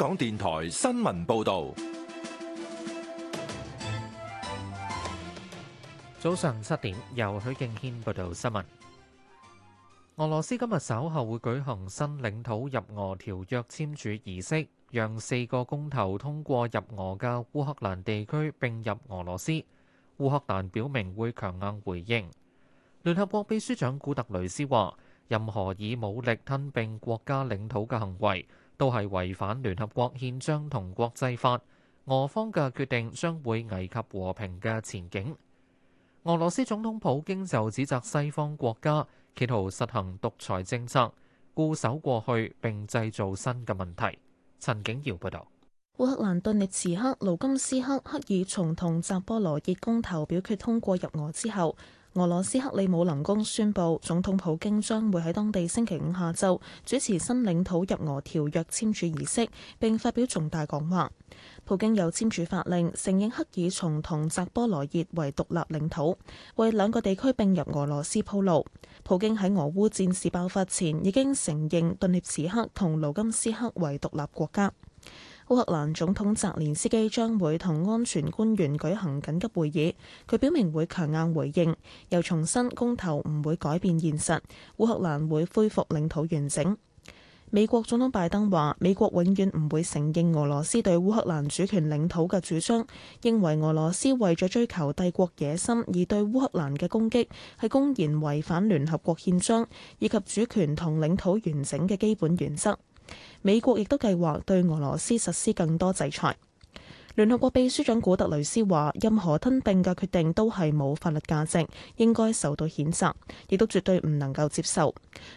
港電台新聞報道，早上七點，由許敬軒報道新聞。俄羅斯今日稍後會舉行新領土入俄條約簽署儀式，讓四個公投通過入俄嘅烏克蘭地區並入俄羅斯。烏克蘭表明會強硬回應。聯合國秘書長古特雷斯話，任何以武力吞併國家領土嘅行為，都係違反聯合國憲章同國際法，俄方嘅決定將會危及和平嘅前景。俄羅斯總統普京就指責西方國家企圖實行獨裁政策，固守過去並製造新嘅問題。陳景耀報道。烏克蘭頓涅茨克、盧甘斯克、克爾松同扎波羅熱公投表決通過入俄之後。俄羅斯克里姆林宮宣布，總統普京將會喺當地星期五下晝主持新領土入俄條約簽署儀式，並發表重大講話。普京有簽署法令，承認克爾松同澤波羅熱為獨立領土，為兩個地區並入俄羅斯鋪路。普京喺俄烏戰事爆發前已經承認頓涅茨克同盧甘斯克為獨立國家。烏克蘭總統澤連斯基將會同安全官員舉行緊急會議，佢表明會強硬回應，又重申公投唔會改變現實，烏克蘭會恢復領土完整。美國總統拜登話，美國永遠唔會承認俄羅斯對烏克蘭主權領土嘅主張，認為俄羅斯為咗追求帝國野心而對烏克蘭嘅攻擊，係公然違反聯合國憲章，以及主權同領土完整嘅基本原則。美國亦都計劃對俄羅斯實施更多制裁。聯合國秘書長古特雷斯話：任何吞併嘅決定都係冇法律價值，應該受到譴責，亦都絕對唔能夠接受。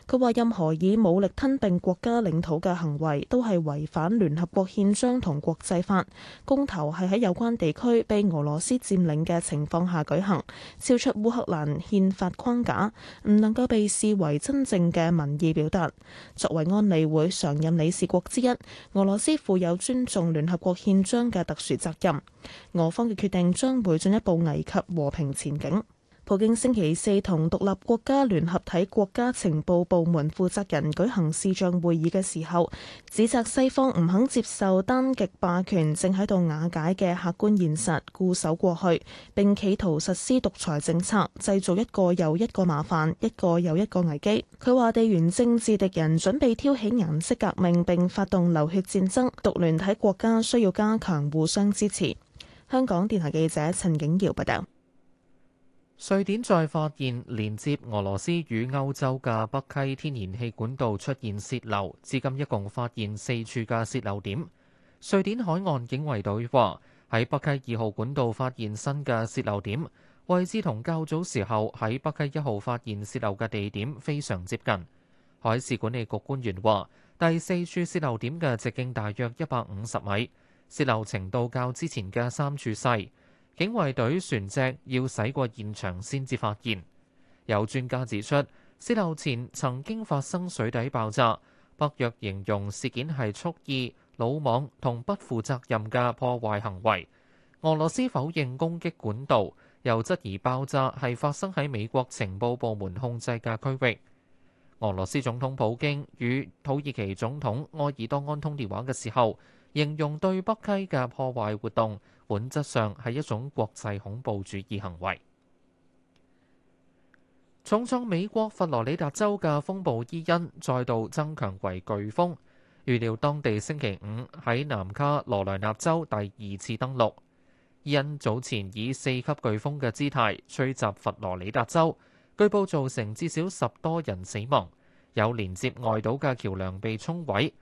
佢話：任何以武力吞併國家領土嘅行為都係違反聯合國憲章同國際法。公投係喺有關地區被俄羅斯佔領嘅情況下舉行，超出烏克蘭憲法框架，唔能夠被視為真正嘅民意表達。作為安理會常任理事國之一，俄羅斯負有尊重聯合國憲章嘅特負責任，俄方嘅決定將會進一步危及和平前景。普京星期四同獨立國家聯合體國家情報部門負責人舉行視像會議嘅時候，指責西方唔肯接受單極霸權正喺度瓦解嘅客觀現實，固守過去，並企圖實施獨裁政策，製造一個又一個麻煩，一個又一個危機。佢話地緣政治敵人準備挑起顏色革命，並發動流血戰爭。獨聯體國家需要加強互相支持。香港電台記者陳景瑤報道。瑞典再發現連接俄羅斯與歐洲嘅北溪天然氣管道出現泄漏，至今一共發現四處嘅泄漏點。瑞典海岸警衛隊話喺北溪二號管道發現新嘅泄漏點，位置同較早時候喺北溪一號發現泄漏嘅地點非常接近。海事管理局官員話，第四處泄漏點嘅直徑大約一百五十米，泄漏程度較之前嘅三處細。警衛隊船隻要駛過現場先至發現。有專家指出，泄漏前曾經發生水底爆炸。北約形容事件係蓄意、魯莽同不負責任嘅破壞行為。俄羅斯否認攻擊管道，又質疑爆炸係發生喺美國情報部門控制嘅區域。俄羅斯總統普京與土耳其總統埃爾多安通電話嘅時候，形容對北溪嘅破壞活動。本質上係一種國際恐怖主義行為。重創美國佛羅里達州嘅風暴伊恩再度增強為颶風，預料當地星期五喺南卡羅來納州第二次登陸。伊恩早前以四級颶風嘅姿態吹襲佛羅里達州，據報造成至少十多人死亡，有連接外島嘅橋梁被沖毀。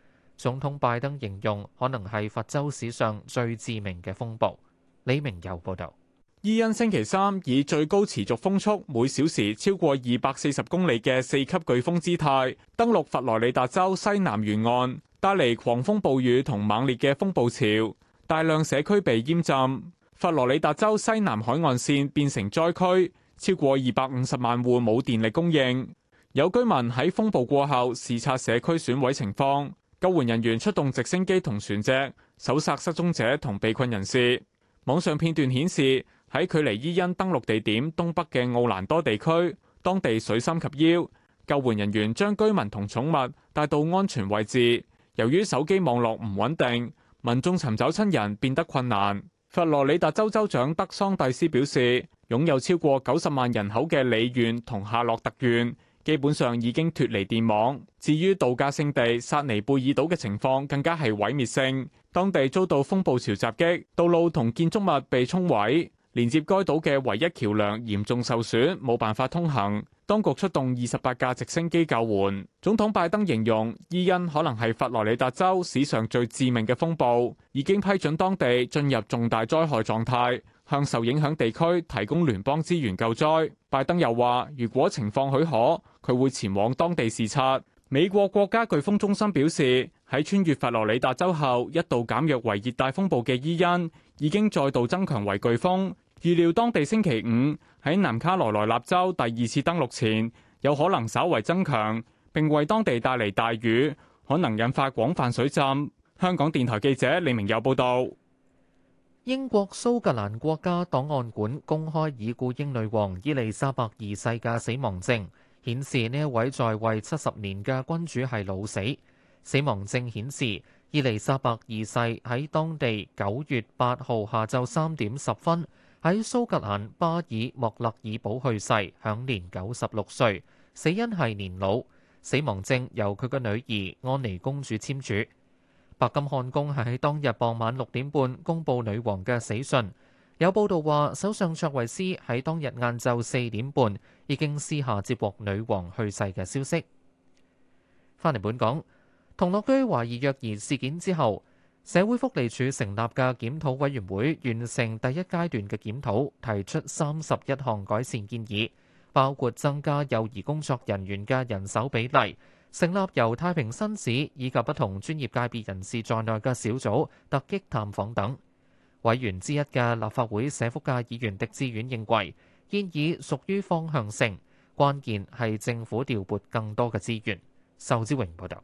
總統拜登形容可能係佛州史上最致命嘅風暴。李明又報道，伊恩星期三以最高持續風速每小時超過二百四十公里嘅四級颶風姿態登陸佛羅里達州西南沿岸，帶嚟狂風暴雨同猛烈嘅風暴潮，大量社區被淹浸，佛羅里達州西南海岸線變成災區，超過二百五十萬戶冇電力供應。有居民喺風暴過後視察社區損毀情況。救援人員出動直升機同船隻搜索失蹤者同被困人士。網上片段顯示，喺距離伊恩登陸地點東北嘅奧蘭多地區，當地水深及腰，救援人員將居民同寵物帶到安全位置。由於手機網絡唔穩定，民眾尋找親人變得困難。佛羅里達州州長德桑蒂斯表示，擁有超過九十萬人口嘅李縣同夏洛特縣，基本上已經脫離電網。至於度假勝地薩尼貝爾島嘅情況更加係毀滅性，當地遭到風暴潮襲擊，道路同建築物被沖毀，連接該島嘅唯一橋梁嚴重受損，冇辦法通行。當局出動二十八架直升機救援。總統拜登形容伊恩可能係佛羅里達州史上最致命嘅風暴，已經批准當地進入重大災害狀態。向受影響地區提供聯邦資源救災。拜登又話：如果情況許可，佢會前往當地視察。美國國家颶風中心表示，喺穿越佛羅里達州後一度減弱為熱帶風暴嘅伊恩，已經再度增強為颶風。預料當地星期五喺南卡羅來納州第二次登陸前，有可能稍為增強，並為當地帶嚟大雨，可能引發廣泛水浸。香港電台記者李明佑報導。英國蘇格蘭國家檔案館公開已故英女王伊麗莎白二世嘅死亡證，顯示呢一位在位七十年嘅君主係老死。死亡證顯示，伊麗莎白二世喺當地九月八號下晝三點十分喺蘇格蘭巴爾莫勒爾堡去世，享年九十六歲，死因係年老。死亡證由佢嘅女兒安妮公主簽署。白金漢宮係喺當日傍晚六點半公佈女王嘅死訊。有報道話，首相卓維斯喺當日晏晝四點半已經私下接獲女王去世嘅消息。翻嚟本港，同樂居懷疑虐兒事件之後，社會福利署成立嘅檢討委員會完成第一階段嘅檢討，提出三十一項改善建議，包括增加幼兒工作人員嘅人手比例。成立由太平紳士以及不同專業界別人士在內嘅小組突擊探訪等。委員之一嘅立法會社福界議員狄志遠認為，建議屬於方向性，關鍵係政府調撥更多嘅資源。仇志榮報道。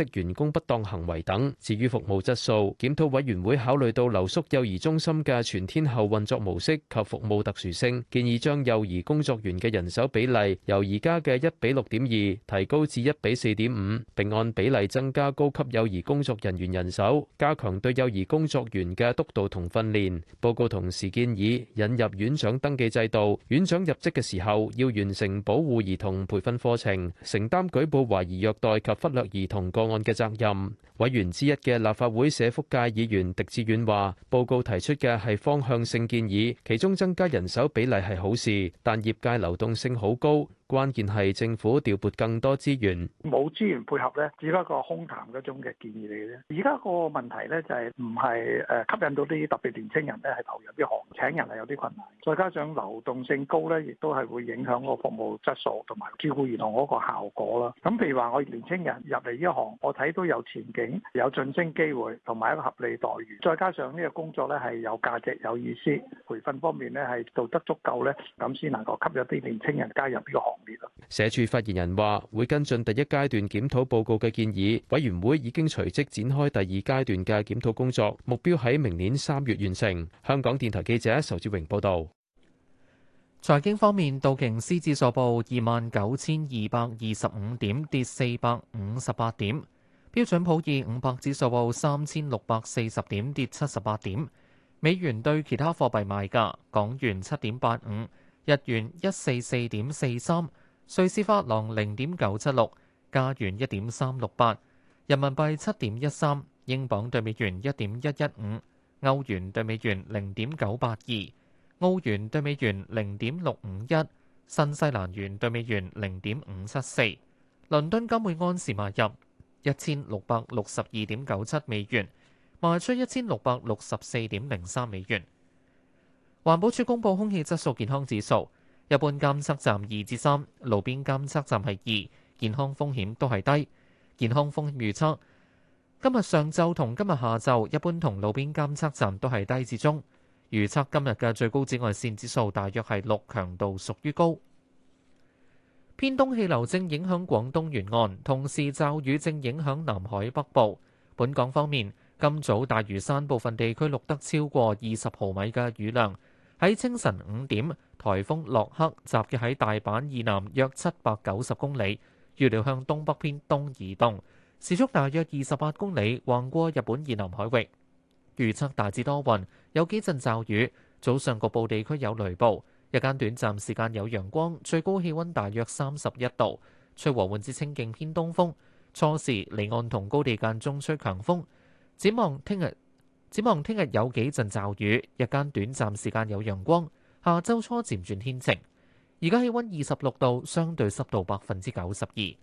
員工不當行為等。至於服務質素，檢討委員會考慮到留宿幼兒中心嘅全天候運作模式及服務特殊性，建議將幼兒工作員嘅人手比例由而家嘅一比六點二提高至一比四點五，並按比例增加高級幼兒工作人員人手，加強對幼兒工作員嘅督導同訓練。報告同時建議引入院長登記制度，院長入職嘅時候要完成保護兒童培訓課程，承擔舉報懷疑虐待及忽略兒童個。案嘅責任，委員之一嘅立法會社福界議員狄志遠話：報告提出嘅係方向性建議，其中增加人手比例係好事，但業界流動性好高。關鍵係政府調撥更多資源，冇資源配合呢，只不過個空談嗰種嘅建議嚟嘅啫。而家個問題呢，就係唔係誒吸引到啲特別年青人呢，係投入啲行，請人係有啲困難，再加上流動性高呢，亦都係會影響個服務質素同埋照顧兒童嗰個效果啦。咁譬如話我年青人入嚟呢行，我睇都有前景，有晉升機會，同埋一個合理待遇，再加上呢個工作呢，係有價值、有意思，培訓方面呢，係做得足夠呢，咁先能夠吸引啲年青人加入呢個行。社處發言人話：會跟進第一階段檢討報告嘅建議，委員會已經隨即展開第二階段嘅檢討工作，目標喺明年三月完成。香港電台記者仇志榮報道。財經方面，道瓊斯指數報二萬九千二百二十五點，跌四百五十八點；標準普爾五百指數報三千六百四十點，跌七十八點。美元對其他貨幣賣價，港元七點八五。日元一四四點四三，瑞士法郎零點九七六，加元一點三六八，人民幣七點一三，英鎊對美元一點一一五，歐元對美元零點九八二，澳元對美元零點六五一，新西蘭元對美元零點五七四。倫敦金每盎司買入一千六百六十二點九七美元，賣出一千六百六十四點零三美元。環保署公布空氣質素健康指數，一般監測站二至三，路邊監測站係二，健康風險都係低。健康風險預測今日上晝同今日下晝，一般同路邊監測站都係低至中。預測今日嘅最高紫外線指數大約係六，強度屬於高。偏東氣流正影響廣東沿岸，同時驟雨正影響南海北部。本港方面，今早大嶼山部分地區錄得超過二十毫米嘅雨量。喺清晨五點，颱風洛克集結喺大阪以南約七百九十公里，預料向東北偏東移動，時速大約二十八公里，橫過日本以南海域。預測大致多雲，有幾陣驟雨，早上局部地區有雷暴，日間短暫時間有陽光，最高氣温大約三十一度，吹和緩至清勁偏東風。初時離岸同高地間中吹強風，展望聽日。展望聽日有幾陣驟雨，日間短暫時間有陽光，下周初漸轉天晴。而家氣温二十六度，相對濕度百分之九十二。